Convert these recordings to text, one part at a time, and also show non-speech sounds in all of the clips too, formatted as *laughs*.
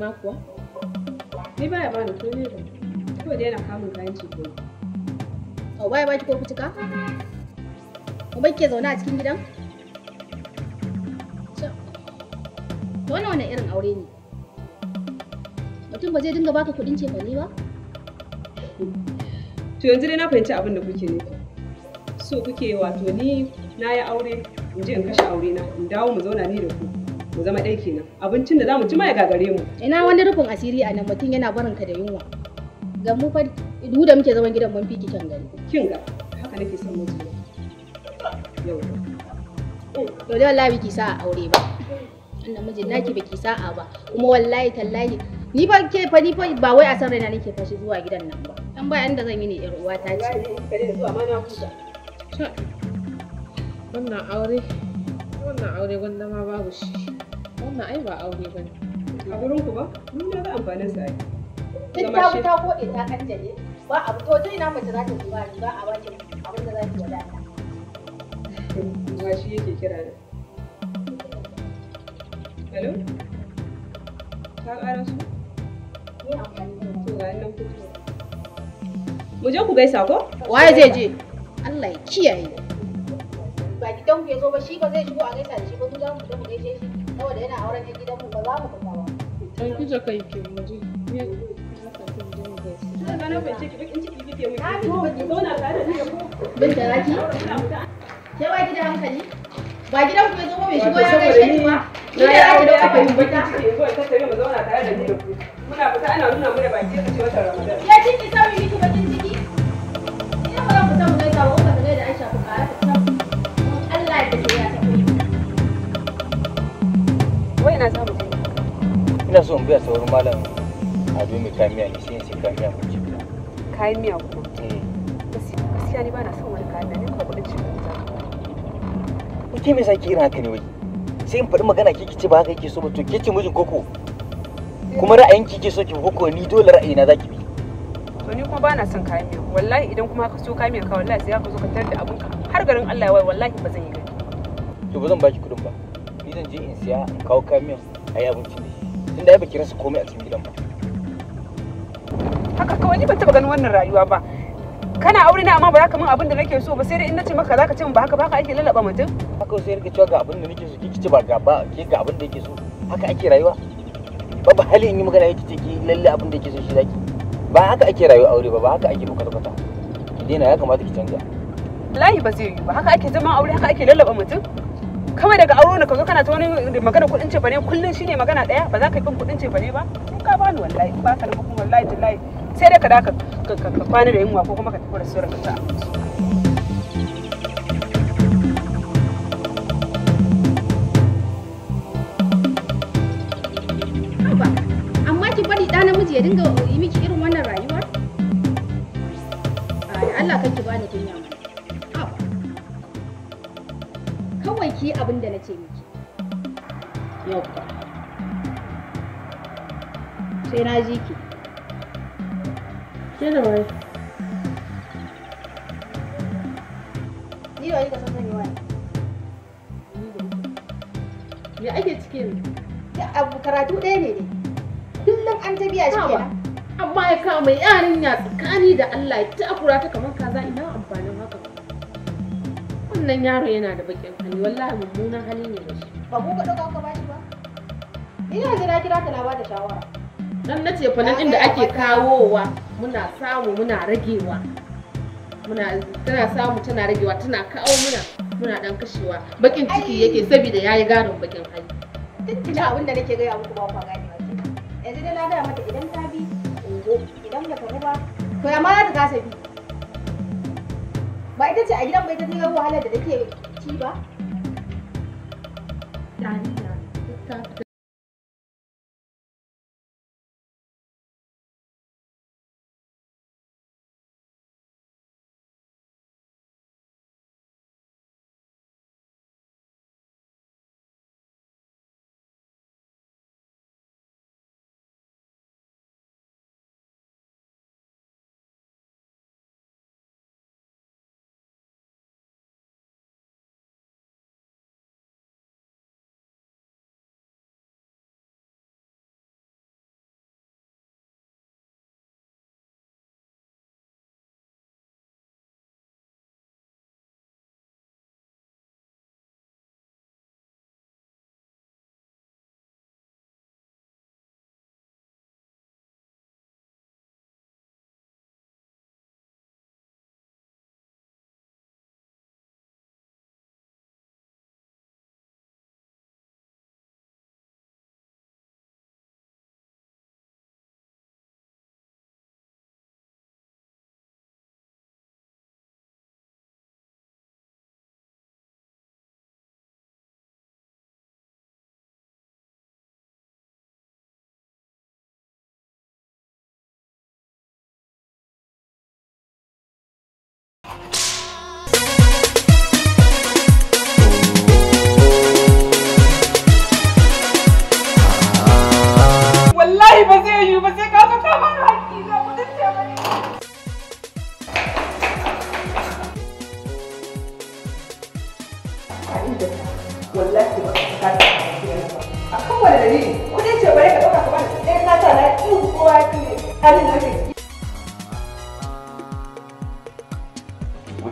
ma kuwa? Ni baya ba ni komai ba. Kawai dai yana kamun kayan ceto. Au baya ba ki ko kutuka? Kuma ke zaune a cikin gidan? To wannan wani irin aure ne? Mutum ba zai dinga baka kuɗin cefane ba? To yanzu dai na fahimci abin da kuke nufi. So kuke wato ni na yi aure in je in kashe aure na in dawo mu zauna ni da ku. mu zama ɗai kenan abincin da zamu ci ma ya gagare mu ina wani rufin asiri a nan mutum yana barin ka da yunwa ga mu fa duk da muke zaman gidan mun fi kicin gari kin ga haka nake son mu yau to da wallahi biki sa a aure ba annan mijin naki biki sa'a ba kuma wallahi tallahi ni ba ke fa ni fa ba wai a san raina nake fashi zuwa gidan nan ba dan ba yanda zan yi ne yar uwa ta ce wannan aure wannan aure wanda ma babu shi wannan ai ba aure ba ne. A gurin ku ba? Mun ya ga amfanin sa ai. Duk ta wuta ko ta kanjale ba a to dai na mace za ta duba ni ba a wace abin da za ki wadata. Ba shi yake kira da. Hello? Ka ƙara su? Ni amfani da to nan ku. Mu je ku gaisa ko? Waye zai je? Allah ya kiyaye. Ba gidan ku ya zo ba shi ba zai shigo a gaisa da shi ba mu za mu je mu gaishe shi. saboda yana auren yan gidanmu ba za mu ba. Ke Ba gidan ku ya zo bai shigo ya gaishe ni ba. Ni da Muna fita ana nuna mu da baki ce Ramadan. Ya ciki miki bakin ciki. Ina ba mu ba, ka ga da Aisha ku ka ina so in biya sauran malam ado mai kayan miya ne sai in sai kayan miya ci cikin kayan miya ko eh. gaskiya ni ba na son wani kayan ne ko kuɗin cikin ta ke me sai irin haka ne wai sai in faɗi magana ke kici ba haka yake so ba to ke ce mijin koko kuma ra'ayin ki ke so ki koko ni dole ra'ayi na zaki bi to ni kuma ba na son kayan miya wallahi idan kuma ka so kayan miya ka wallahi sai ka zo ka tar da ka har garin Allah ya wai wallahi ba zan yi gani to ba zan baki kudin ba ni zan je in siya in kawo kayan miya a yi abincin da ya baki rasa komai a cikin gidan ba haka kawai ni ban taba ganin wannan rayuwa ba kana aure na amma ba za ka min abin da nake so ba sai dai in nace maka za ka ce ba haka ba haka ake lalaba mutum haka sai rike cewa ga abin da nake so kike ba ga ba ke ga abin da yake so haka ake rayuwa ba ba hali in yi magana yake ki lalle abin da yake so shi zaki ba haka ake rayuwa aure ba ba haka ake kwata kwata ki daina ya kamata ki canja layi ba zai yi ba haka ake zama aure haka ake lallaba mutum kawai daga auro ne kaga kana ta wani magana kudin ce bane kullun shine magana daya ba za ka bin kudin ce bane ba in ka bani wallahi ba ka da kuma wallahi billahi sai dai ka da ka kwana da yunwa ko kuma ka tafi da sura ta amma ki bari da namiji ya dinga yi miki irin wannan rayuwar Allah kake bani kunya ki abin da na ce miki yauwa sai na ji ki ke da wai ni wai ka san sani wai me ake ciki Ya abu karatu ɗaya ne ne kullum an ta biya shi kenan amma ya kama yarinya tsakani da Allah ya takura ta kamar kaza ina wannan yaro yana da bakin hali wallahi mummunan hali ne da shi ba ku ka dauka ka bashi ba ina jira kira ka na bada shawara dan nace fa nan inda ake kawowa muna samu muna ragewa muna tana samu tana ragewa tana kawo muna muna dan kashewa bakin ciki yake saboda yayi garin bakin hali duk kina abin da nake gaya muku ba ku gane ba yanzu dai na gaya mata idan ta bi idan ba ta ba to amma za ta kasa bi ba ita ce a gidan bai ita ce wahalar da take ci ba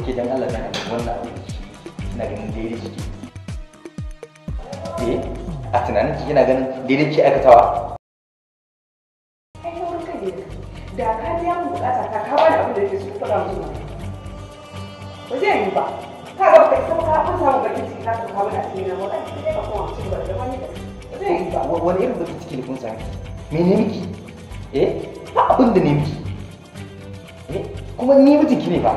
ke dan Allah na ganin wannan abu da ganin daidai jiki. eh a tunanin ki yana ganin daidai ki aikatawa da ka biya mu bukata ta ka bani abin da yake so fara musu ba zai yi ba ka ga baka isa ka an samu bakin ciki ka ka bani a cikin nan wannan sai ka koma cikin barka ma ne ba zai yi ba wani irin bakin ciki ne kun sami me ne miki eh ba abin da ne miki eh kuma ni mijinki ne ba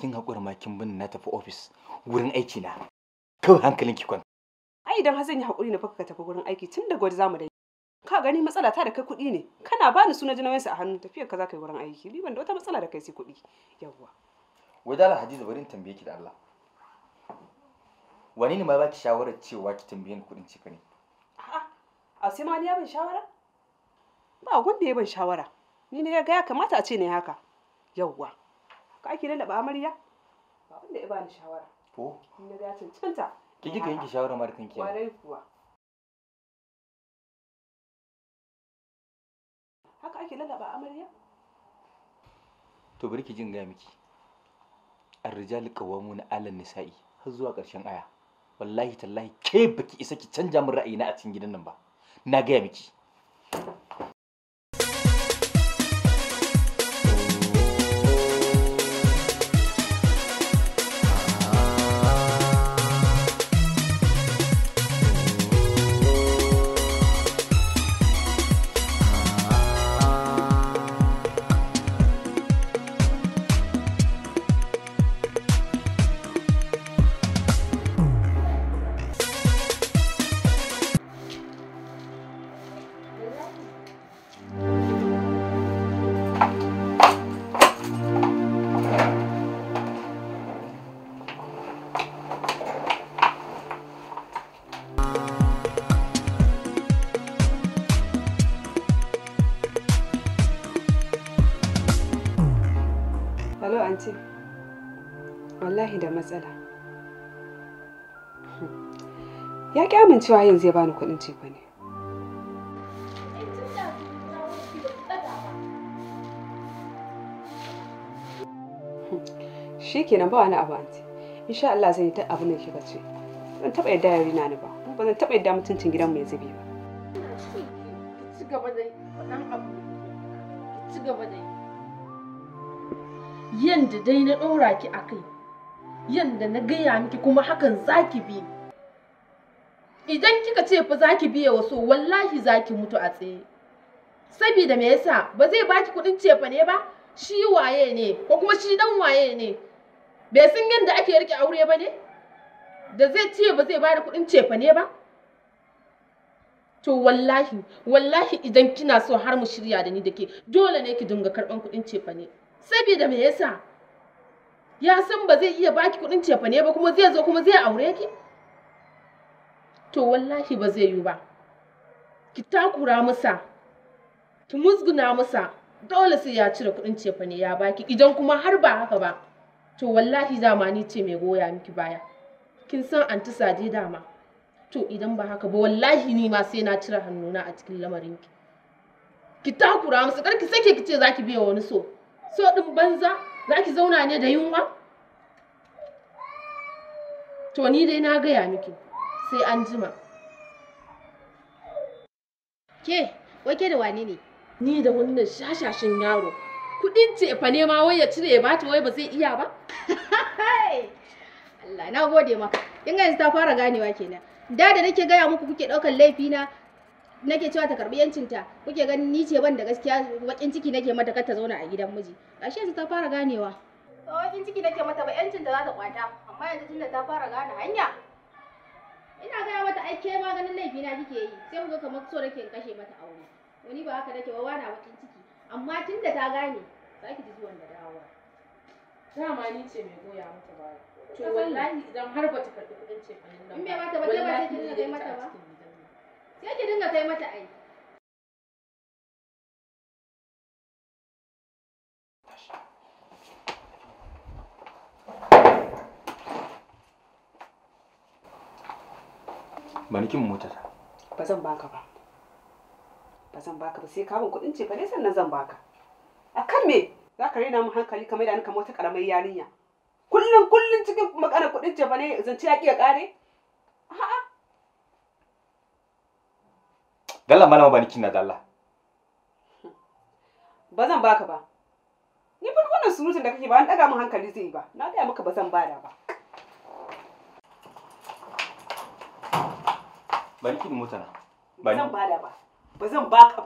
kin haƙura ma kin bin na tafi ofis wurin aiki na kawai hankalin ki kwan ai idan har zan yi haƙuri na faka ka tafi wurin aiki tun da gwada zamu dai ka gani matsala ta da kai kuɗi ne kana bani suna jinawansu a hannu tafiyar ka za ka yi wurin aiki ni ban da wata matsala da kai sai kuɗi yawwa wadala hadiza bari in tambaye ki da Allah wani ne ma ki shawarar cewa ki tambaye ni kuɗin cika ne a sai ma ni ya ban shawara ba wanda ya ban shawara ni ne ya ga ya kamata a ce ne haka yawwa ka ake lallaba amarya ba wanda ya bani shawara to in ya cancanta ki ka yanke shawara mara kanki kwarai kuwa haka ake lallaba amarya to bari ki jin ga miki ar-rijal qawwamuna 'ala nisa'i har zuwa ƙarshen aya wallahi tallahi ke baki isa ki canja min ra'ayina a cikin gidan nan ba na gaya miki amincewa yanzu ya bani kuɗin ce ne. Shi kenan ba wani abu anti. Insha Allah zan yi ta abin da kika ce. Ban taɓa yadda yari na ni ba. Ba zan taɓa yadda mutuncin gidanmu ya zube ba. da Yanda dai na ɗora ki a kai. Yanda na gaya miki kuma hakan za ki bi ni. idan kika ce fa zaki biya wasu wallahi zaki mutu a tsaye saboda me yasa ba zai baki kudin cefa ne ba shi waye ne ko kuma shi dan waye ne bai san yanda ake rike aure ba ne da zai ce ba zai bada kudin cefa ne ba to wallahi wallahi idan kina so har mu shirya da ni da ke dole ne ki dinga karban kudin cefa ne saboda me yasa ya san ba zai iya baki kudin cefa ne ba kuma zai zo kuma zai aure ki to wallahi ba zai yi ba ki takura masa, ki musguna masa dole sai ya cire kuɗin cefane ya baki idan kuma har ba haka ba to wallahi zamani ce mai goya miki baya kin san anti sadi dama to idan ba haka ba wallahi ni ma sai na cire hannuna a cikin lamarin ki ki takura masa, karki sake kice zaki biya wani so so din banza za zauna ne da yunwa to ni dai na gaya miki sai an jima ke wake da wane ne ni da wannan shashashin yaro kudin fa ne ma wai ya cire ya bata wai ba zai iya ba Allah na gode maka kin yanzu ta fara ganewa kenan da da nake gaya muku kuke daukar laifi na nake cewa ta karbi yancinta kuke ganin ni ce ban da gaskiya bakin ciki nake mata kar ta zauna a gidan miji ashe yanzu ta fara ganewa bakin ciki nake mata ba yancin ta za ta kwata amma yanzu tunda ta fara gane hanya ina ya mata aike ke maganin laifi na kike yi sai kuga kamar so nake in kashe mata aure wani ba haka nake wawa na bakin ciki amma tunda ta gane za ki ji zuwan da dawowa dama ni ce mai goya mata ba to wallahi idan har ba ta karɓi kuɗin ce in bai mata ba ta ba sai ki dinga kai mata ba sai ki dinga kai mata aiki Bani kin mota ta ba zan baka ba ba zan baka ba sai ka kudin ce fa ne sannan zan baka kan me za ka rena mu hankali kamar da ka mota karamar yarinya kullum kullum cikin magana kudin ce fa ne zan ya kiya kare a'a dalla malama ba kin na dalla ba zan baka ba ni fa wannan surutun da kake ba an daga mu hankali zai yi ba na ga maka ba zan bada ba bari ki mota na ba zan bada ba ba zan baka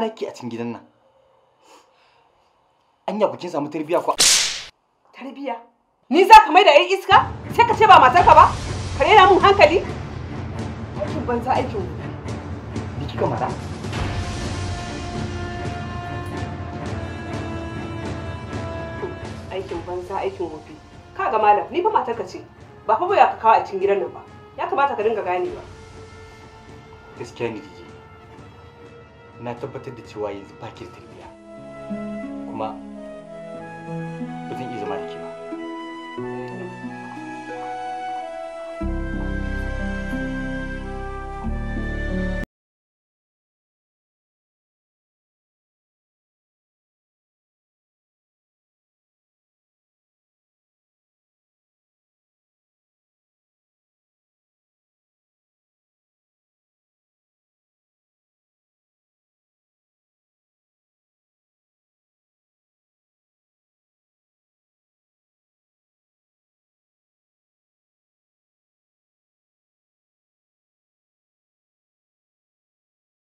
a cikin gidan nan anya ku kin samu tarbiya ku tarbiya ni za ka mai da yan iska sai ka ce ba matarka ba ka rena mun hankali aikin banza aikin ni kika mara aikin banza aikin wofi ka ga malam ni fa matarka ce ba fa baya ka kawo a cikin gidan nan ba ya kamata ka dinga ganewa gaskiya ne dije na tabbatar da cewa yanzu ba ki da tarbiya kuma Música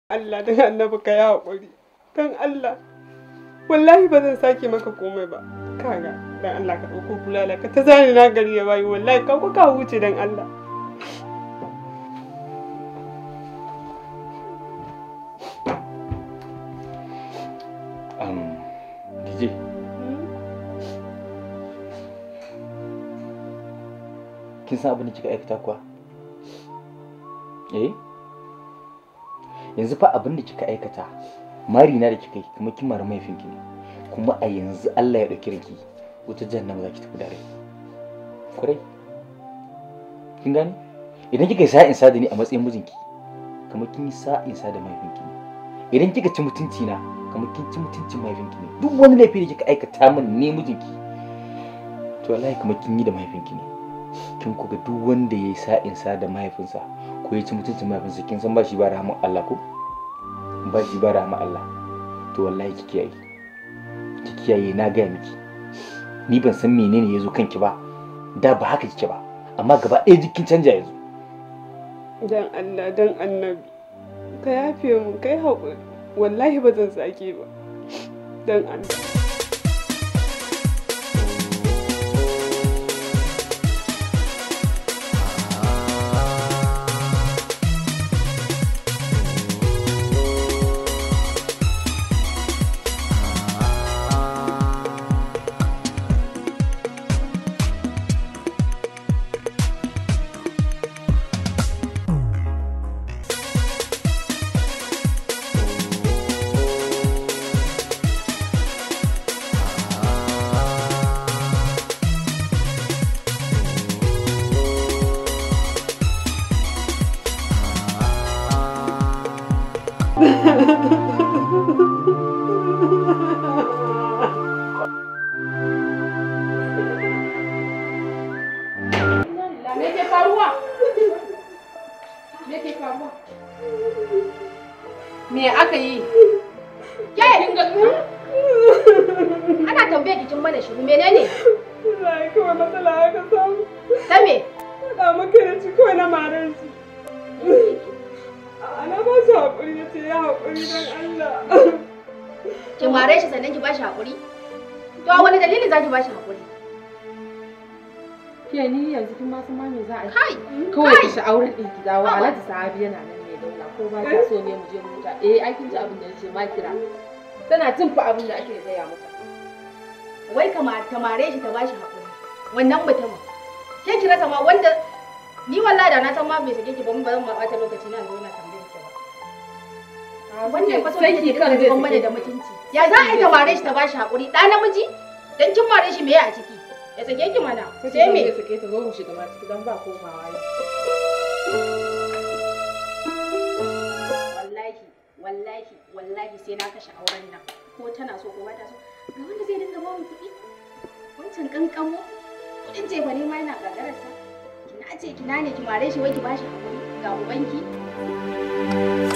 Allah don annabi ka yi haƙuri don Allah wallahi ba zan sake maka komai ba kaga don Allah ka ɗauko bulala ka ta zani na gari ya bayi wallahi ka ka huce don Allah um, kin san abin da kika aikata kuwa eh yanzu fa abin da kika aikata mari na da kika yi kuma kin mara mai finki ne kuma a yanzu Allah ya dauki ranki wata jahannama za ki tafi da rai kurai kin gani idan kika yi sa'in sa da ni a matsayin mijinki kamar kin yi sa'in sa da mahaifinki ne idan kika ci mutunci na kamar kin ci mutuncin mahaifinki ne duk wani laifi da kika aikata min ne mijinki to wallahi kamar kin yi da mahaifinki ne kin kuga duk wanda ya yi sa'in sa da mahaifinsa ko ya ci mutuncin mahaifinsa kin san ba shi ba rahama Allah ko ba shi ba rahama Allah to wallahi ki kiyaye ki kiyaye na gaya miki ni ban san menene ya zo kanki ba da ba haka kike ba amma gaba ɗaya jikin canja yanzu dan Allah dan annabi ka yafe mu kai haƙuri wallahi ba zan sake ba dan Allah haƙuri da ce ya haƙuri don Allah. *laughs* Ki mare shi sannan ki bashi haƙuri? To a wani dalili za ki bashi hakuri? Ke ni yanzu kin ma san me za a yi. Kai. Kawai ki sha'auran ɗin ki dawo Alhaji Sahabi yana nan mai daula ko ba ta so ne mu je mu ta. Eh ai kin ji abin da yake ma kira. Tana jin fa abin da ake gaya mata. Wai kama ta mare shi ta bashi hakuri. Wannan mutumin. Ke kira ta ma wanda ni wallahi da na san ma bai sake ki ba mun ba zan ma ɓata lokaci na zo na wannan fa sai ki kan zai mana da mutunci ya za a yi ta mare shi ta bashi hakuri da namiji dan kin mare shi me a ciki ya sake ki mana sai me ya sake ta zo mu shiga ma ciki dan ba komawa wallahi wallahi wallahi sai na kashe auren nan ko tana so ko ba ta so ga wanda zai dinga ba mu kuɗi wancan kankamo kuɗin jefa ne ma yana gagararsa kina ce kina ne ki mare shi wai ki bashi hakuri ga ubanki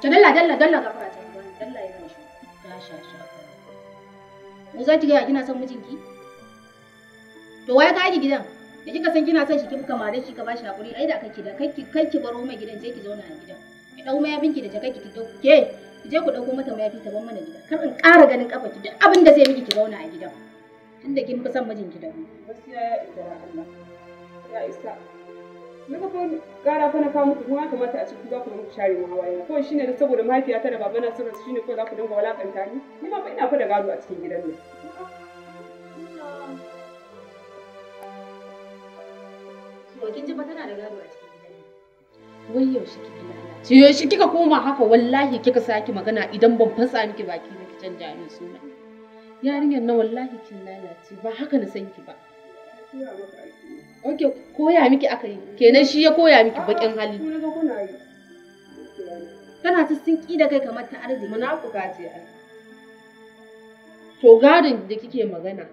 to dalla dalla dalla ga fara ta dalla ya shi ta sha sha mu za ki ga kina son mijinki to waye ka yi gidan da kika san kina son shi kika mare shi ka bashi hakuri ai da kake da kai kai ki baro mai gidan sai ki zauna a gidan ki dau mayafinki da jaka ki dauke ki je ku dauko mata mayafi ta ban mana gida kar in ƙara ganin kafa ki duk abin da zai miki ki zauna a gidan tunda kin fi son mijinki da mu gaskiya ya isa ya isa Duka fa ƙara fa na kawo muku kuma kamata a ciki za ku dinga share mu hawaye. Kawai shine da saboda mahaifiyata da babana sun rasu shine ko za ku dinga walakanta ni. Ni ma ina fa da gado a cikin gidan nan. kin ji ba tana da gado a cikin gidan nan. Wai yaushe kika kika koma haka wallahi kika saki magana idan ban fasa miki baki na ki canja suna. Yarinyar na wallahi kin lalace ba haka na san ki ba. Ok, koya miki aka yi, kenan shi ya koya miki baƙin hali. Kana ta sun ƙi da kai kamar ta arziki. Munafuka ce ai. To gadon da kike magana,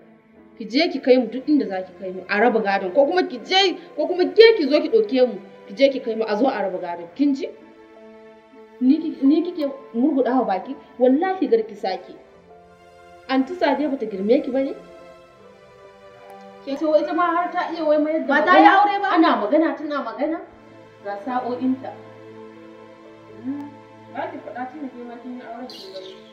ki je ki kai mu duk inda zaki kai mu a raba gadon ko kuma ki je ko kuma ke ki zo ki ɗauke mu ki je ki kai mu a zo a raba gadon kin ji? Ni kike murguɗawa baki wallahi garki sake. Anti Sadiya bata girme ki ba ne? Ke to ita ma har ta iya wai mayar da Ba ta yi aure ba? Ana magana tana magana ga sa'o'inta. Ba ki faɗa da ke ma kin yi auren kin ba.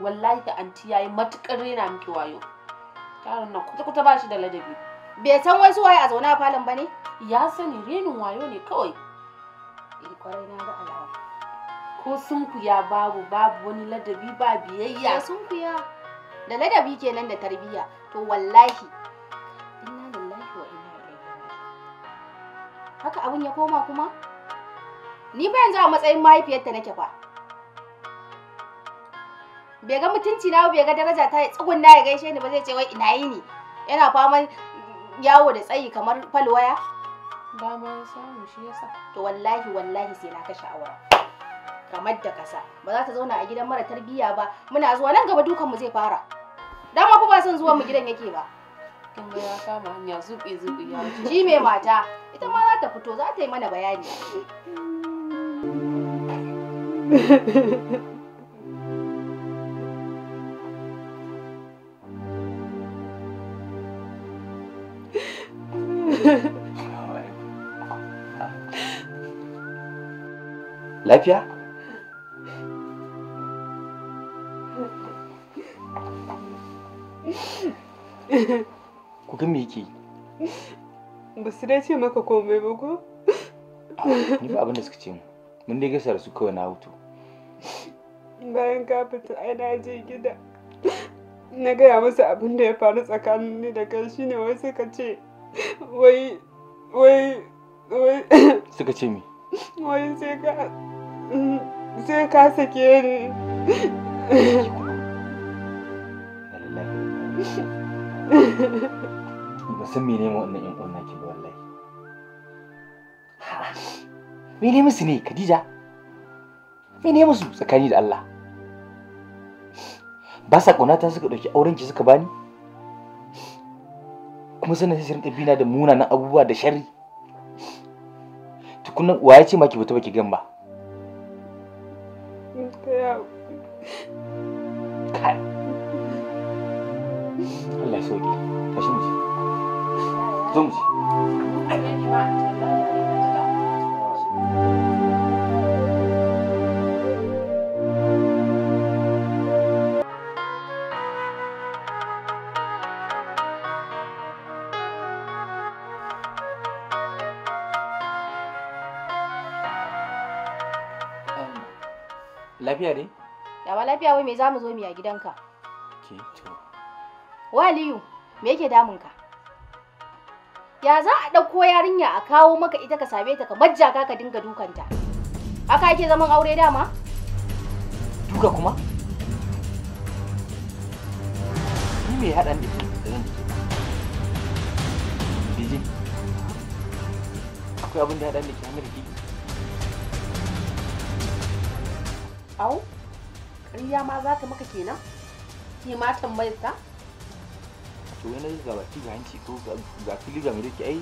wallahi da anti yayi matukar rena miki wayo Karin nan kuta kuta bashi da ladabi bai san wai waye a zaune a falon bane ya sani renin wayo ne kawai in eh, kwarai na ga alawa ko sunkuya babu babu wani ladabi ba biyayya sun sunkuya da ladabi kenan da tarbiyya to wallahi inna lillahi wa inna ilaihi haka abun ya koma kuma ni ba yanzu a matsayin mahaifiyarta nake fa bai ga mutunci na bai ga daraja ta tsugunna ya gaishe ni ba zai ce wai ina yi ni yana fama yawo da tsayi kamar falwaya ba samu shi yasa to wallahi wallahi sai na kashe awara kamar da kasa ba za ta zauna a gidan mara tarbiyya ba muna zuwa nan gaba dukan mu zai fara ma fa ba son zuwan mu gidan yake ba kin ga ya kama hanya zubi zubi ya shi mai mata ita ma za ta fito za ta yi mana bayani *laughs* lafiya ku ga me yake ba su dai ce maka komai ba ko ni ba abin da suka ce mu mun dai gaisa da su kawai na hutu bayan ka fita ai na je gida na gaya masa abin da ya faru tsakanin ni da kai shine wai suka ce wai wai wai suka ce mi wai sai ka sai ka sake ni ba san mene ma wannan yan uwan ki ba wallahi mene musu ne Khadija mene musu tsakani da Allah ba sa ƙaunata suka ɗauki auren ki suka bani kuma sannan sai rinka bina da munanan abubuwa da sharri tukunan ya ce ma ki fita baki gan ba zo Lafiya ne? Yawa lafiya wai me za mu zo mu a gidanka? Ke to. Waliyu, me yake damunka? ya za a ɗauko yarinya a kawo maka ita ka same ta ka majja ka dinga dukanta haka yake zaman aure dama duka kuma ni me haɗa ne da nan biji akwai abin da haɗa ne ke hamar ki au ƙarya ma za ka maka kenan ke matan mai ka to wani ga baki ga hanci ko ga fili ga miliki ai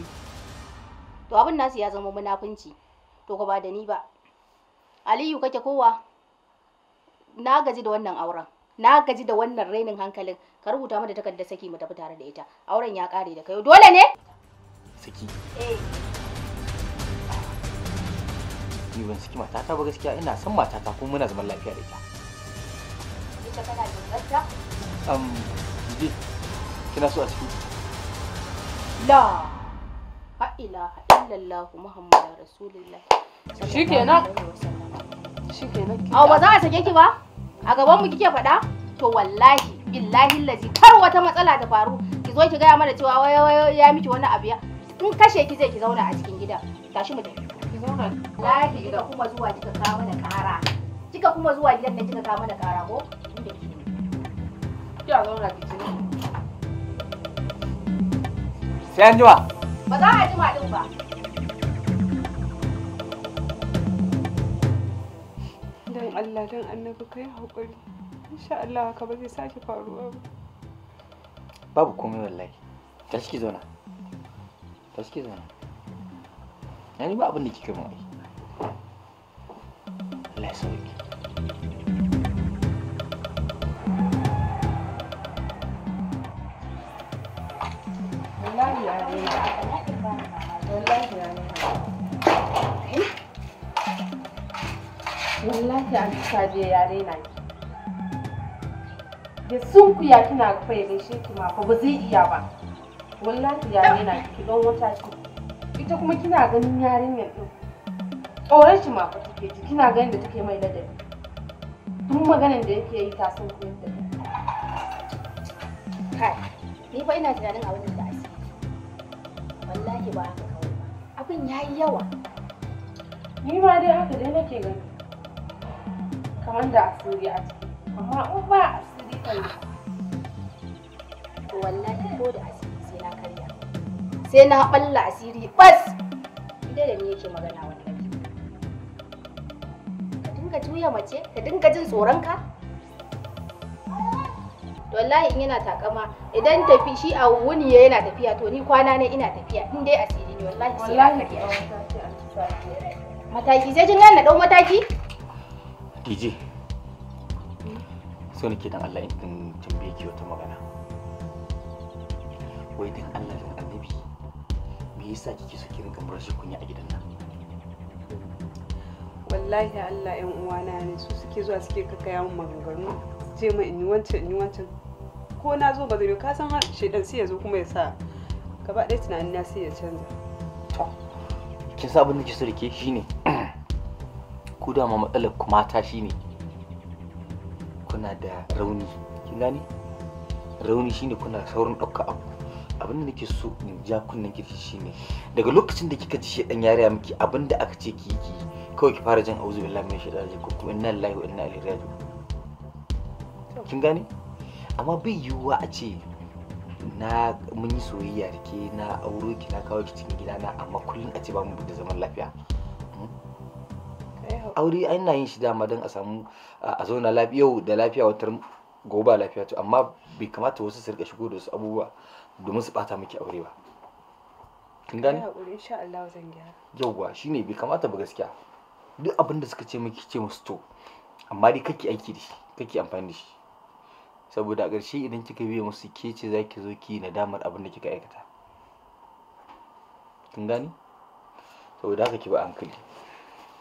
to abin nasu ya zama munafunci to ko ba da ni ba aliyu kake kowa na gaji da wannan auren na gaji da wannan rainin hankalin ka rubuta mata takardar saki mu tafi tare da ita auren ya kare da kai dole ne saki eh ni ban saki matata ba gaskiya ina son matata ko muna zaman lafiya da ita ita kana da gaskiya um kina so a ciki la ha ilaha illallah muhammadu rasulullah shikenan shikenan a ba za a sake ki ba a gaban mu kike faɗa to wallahi billahi lazi kar wata matsala ta faru ki zo ki gaya mana cewa wai ya miki wani abu ya in kashe ki zai ki zauna a cikin gida tashi mu tafi ki zauna lahi kika kuma zuwa kika kawo mana kara kika kuma zuwa gidan nan kika kawo mana kara ko inda ki ya zauna ki sai an jima ba za a jima din ba dan Allah dan annabi kai hakuri insha Allah haka ba zai sake faruwa ba babu komai wallahi tashi ki zauna tashi ki zauna yani ba abin da kike mu ai Allah ya sauke lafiya ta je ya raina ki da sun kuya kina kafa ya gaishe ki ma ba zai iya ba wallahi ya raina ki ki don wata ki ita kuma kina ganin yarinyar din tsoron shi ma fa take ji kina ganin da take mai ladabi duk maganar da yake yi ta san kuyin da kai ni fa ina tunanin abin da asiri wallahi ba haka kawai ba abin yayi yawa ni ma dai haka dai nake gani kamar da asiri a ciki amma in ba asiri kan to wallahi ko da asiri sai na karya sai na balla asiri bas idan da ni yake magana wannan. ka dinga juya mace ka dinga jin tsoron ka wallahi in yana takama idan tafi shi a wuni yana tafiya to ni kwana ne ina tafiya in dai asiri ne wallahi sai na karya mataki sai kin na dau mataki DJ so nake dan Allah in tambaye ki wata magana wai dan Allah da annabi me yasa kike so ki rinka barshi kunya a gidan nan wallahi Allah yan uwana ne su suke zuwa suke kakaya min maganganu ce min in yi wancan in yi wancan ko na zo ba zai ka san har shedan sai ya zo kuma ya sa gaba ɗaya tunanin na sai ya canza to kin sa abin da ke so da ke shine Ko dama matsalar ku mata shine kuna da rauni kin gane rauni shine kuna saurin ɗauka abu abin da nake so in ja kunnen kirki shine daga lokacin da kika ci shi dan yariya miki abin da aka ce ki yi kawai ki fara jin auzu billahi min shaitanir rajim ko kuma inna lillahi wa inna ilaihi raji'un kin gane amma bai yiwuwa a ce na mun yi soyayya da ke na auro ki na kawo ki cikin gidana amma kullum a ce ba mu da zaman lafiya aure ana yin shi dama don a samu a zauna yau da lafiya watar gobe lafiya to amma bai kamata wasu su rika shigo da wasu abubuwa domin su bata miki aure ba kin gane insha Allah zan gyara yauwa shine bai kamata ba gaskiya duk abin da suka ce miki ce musu to amma dai kake aiki da shi kake amfani da shi saboda a ƙarshe idan kika biya musu ke ce za ki zo ki nadamar abin da kika aikata kin gane saboda haka ki ba hankali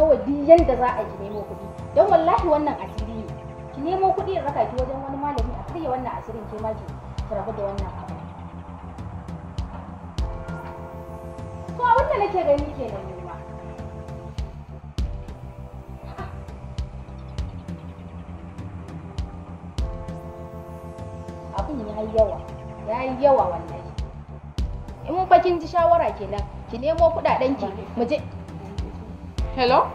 kawai duk yanda za a ji nemo kuɗi don wallahi wannan asiri ne ki nemo kuɗi in raka ki wajen wani malami a karya wannan asirin ke ma ki rabu da wannan abu to abin da nake gani kenan ne ma abin ya yi yawa ya yi yawa wallahi in bakin ji shawara kenan ki nemo kuɗaɗen ki mu je Hello?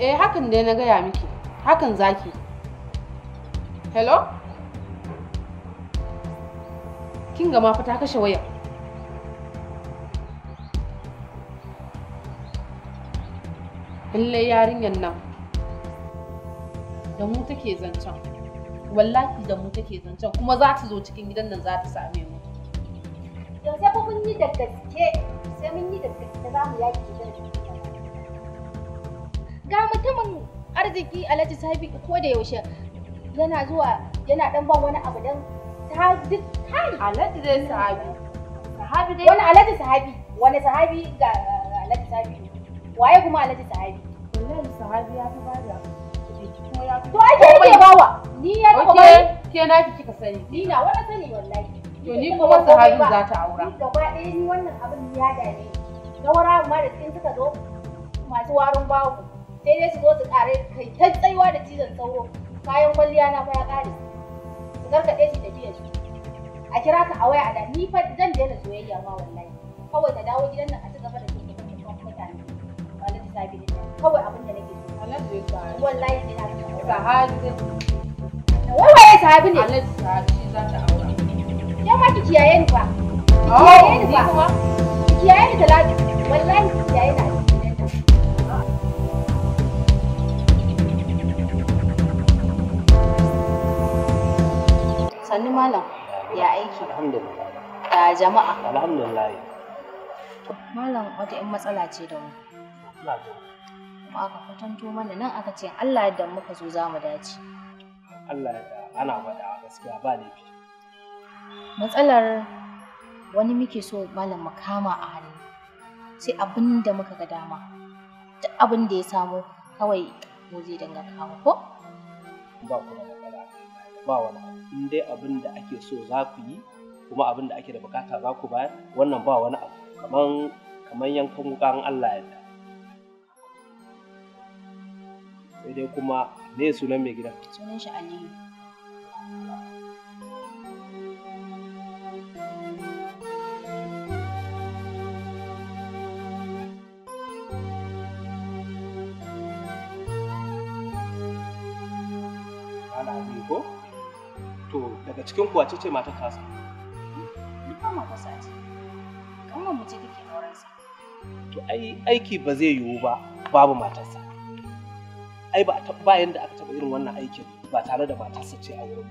Eh hakan dai na gaya miki. Hakan zaki. Hello? Kin gama fa ta kashe waya. Lallai yarinyar nan da mu take zancen. Wallahi da mu take zancen kuma za ta zo cikin gidan nan za ta same mu. Yanzu fa mun yi da gaske. sai mun yi da gaske za mu yaki da ga mutumin arziki alhaji sahibi ko da yaushe yana zuwa yana dan ban wani abu dan ta duk kai alhaji dai dai wani alhaji sahabi wani sahabi ga alhaji sahabi waye kuma alhaji sahabi wallahi ya fi bada to ake yake bawa ni ya taba bai ke na kika sani ni na wani sani wallahi To ni kuma za ta aura. gaba ɗaya ni wannan abin ya dame Gawara ma da suka zo masu warin bawo. Sai dai su zo su ƙare kai ta tsayuwa da cizon sauro. Kayan kwalliya na fa ya ƙare. Su su A kira ka a waya a da ni fa zan je soyayya ma wallahi. Kawai ta dawo gidan nan a ci gaba da ke mutane. sabi ne. Kawai abin da nake so. Wallahi ta zai. ne? Alhaji shi za ta aura. fa Sannu malam ya aiki. Alhamdulillah. Ya jama'a. Malam wata 'yan matsala ce da mu. Kuma aka kwatanto mana nan aka ce Allah da muka zo za mu dace. Allah ya ana faɗa gaskiya ba laifi. matsalar wani muke so malam mu kama a hannu sai abin da muka ga dama duk abin da ya samu kawai mu zai danga kawo ko ba kuma matsala ba wani in dai abin da ake so za ku yi kuma abin da ake da bukata za ku bayar wannan ba wani abu kaman kaman yankan wukan Allah ya da sai dai kuma ne sunan mai gidan sunan shi Aliyu cikin kuwa ce ce mata tasa dukkan mata sa ce kanwa mu ce take auren sa to ai aiki ba zai yiwu ba babu sa. ai ba ta ba yanda aka taba irin wannan aikin ba tare da sa ce a wurin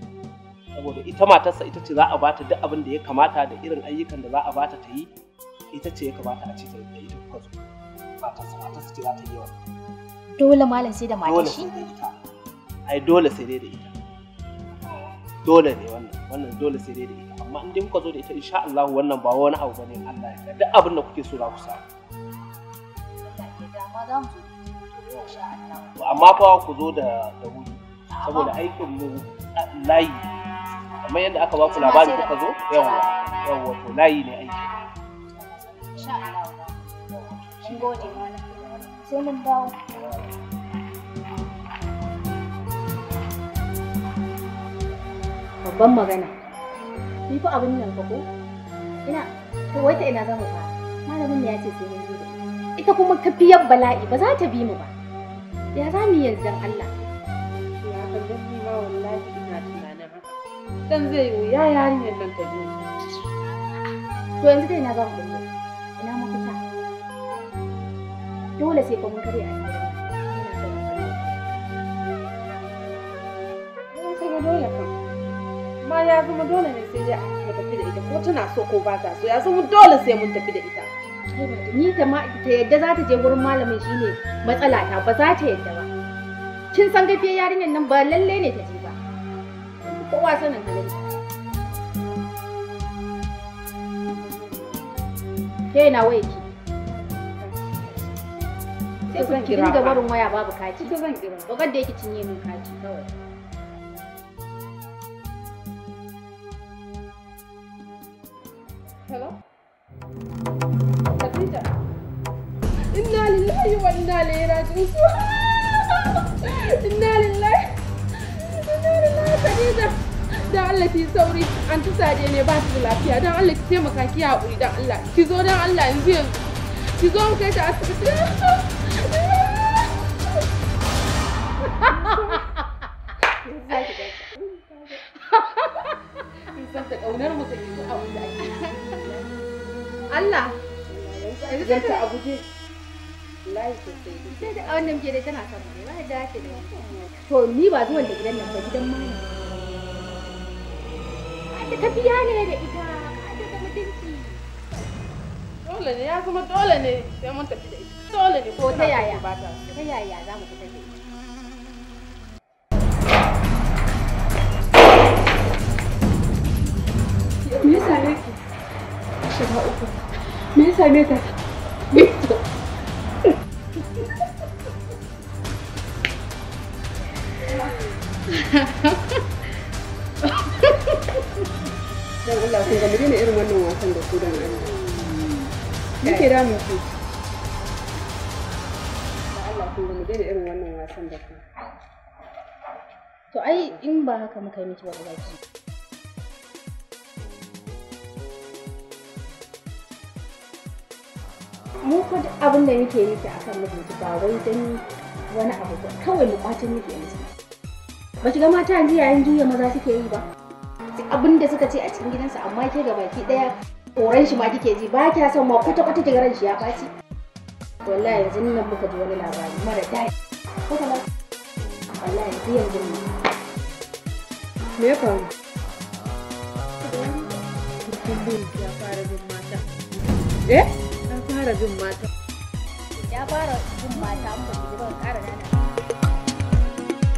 saboda ita sa ita ce za a bata duk abin da ya kamata da irin ayyukan da za a bata ta yi ita ce ya kamata a ce ta yi duk kwazo matarsa sa ce za ta yi wannan dole malam sai da matar shi ai dole sai dai da ita dole ne wannan wannan dole sai dai da ita amma in dai kuka zo da ita insha Allah wannan ba wani abu bane Allah ya duk abin da kuke so za ku samu amma fa ku zo da da wuri saboda aikin mu layi kamar yadda aka ba ku labari kuka zo yawa yawa to layi ne aiki insha Allah gode mana sai mun dawo babban magana ni fa abin nan ko ina to wai ta ina za mu fa malamin ya ce sai mun zo da ita kuma biyan bala'i ba za ta bi mu ba ya za mu yanzu dan Allah ya kallon ni ma wallahi ina tunanin haka dan zai yi ya ne nan ta bi to yanzu dai na za mu ina ina fita dole sai ka mun kare a cikin ya zama dole ne sai dai a tafi da ita ko tana so ko ba ta so ya zama dole sai mun tafi da ita ni ta ma ta yadda za ta je wurin malamin shine matsala ta ba za ta yadda ba kin san gafiyar yarinyar nan ba lalle ne ta je ba kowa sanin halin ke na waye ki sai ku dinga barin waya babu kati zan kira ba da yake cinye min kati kawai salam Khadija inna lillahi wa inna ilaihi raji'un *laughs* inna lillahi inna lillahi Khadija dan Allah ki sauri an ta sade ne ba su da lafiya dan Allah ki taimaka ki haƙuri dan Allah ki zo dan Allah yanzu yanzu ki zo kai ta asibiti *laughs* idan ta a guje layi sai da wannan tana son ba da dace da to ni ba zuwan da gidan nan ba gidan ka biya ne da ita ka mutunci dole ne ya kuma dole ne sai mun tafi da ita dole ne ko ta yaya ta yaya za mu fita da ita Me yasa Shiga uku. Me yasa ta? Dan Allah kun ga irin wannan wasan da dan Allah. ke da mu Dan Allah kun ga irin wannan wasan da ku. in ba haka muka yi miki ba mu ko abin da muke ke akan mijinki ba wai dan wani abu ba kawai mu kwatin miki yanzu ba shiga mata yanzu yayin juya maza suke yi ba abin da suka ce a cikin gidansa amma ke ga baki daya koran shi ma kike ji ba kya son ma kwata kwata kiga shi ya faci wallahi yanzu nan muka ji wani labari mara daɗi ko kana wallahi yanzu yanzu me ya faru ya fara bin mata eh ƙara bin mata. Ya fara bin mata, amma ba ƙara nana.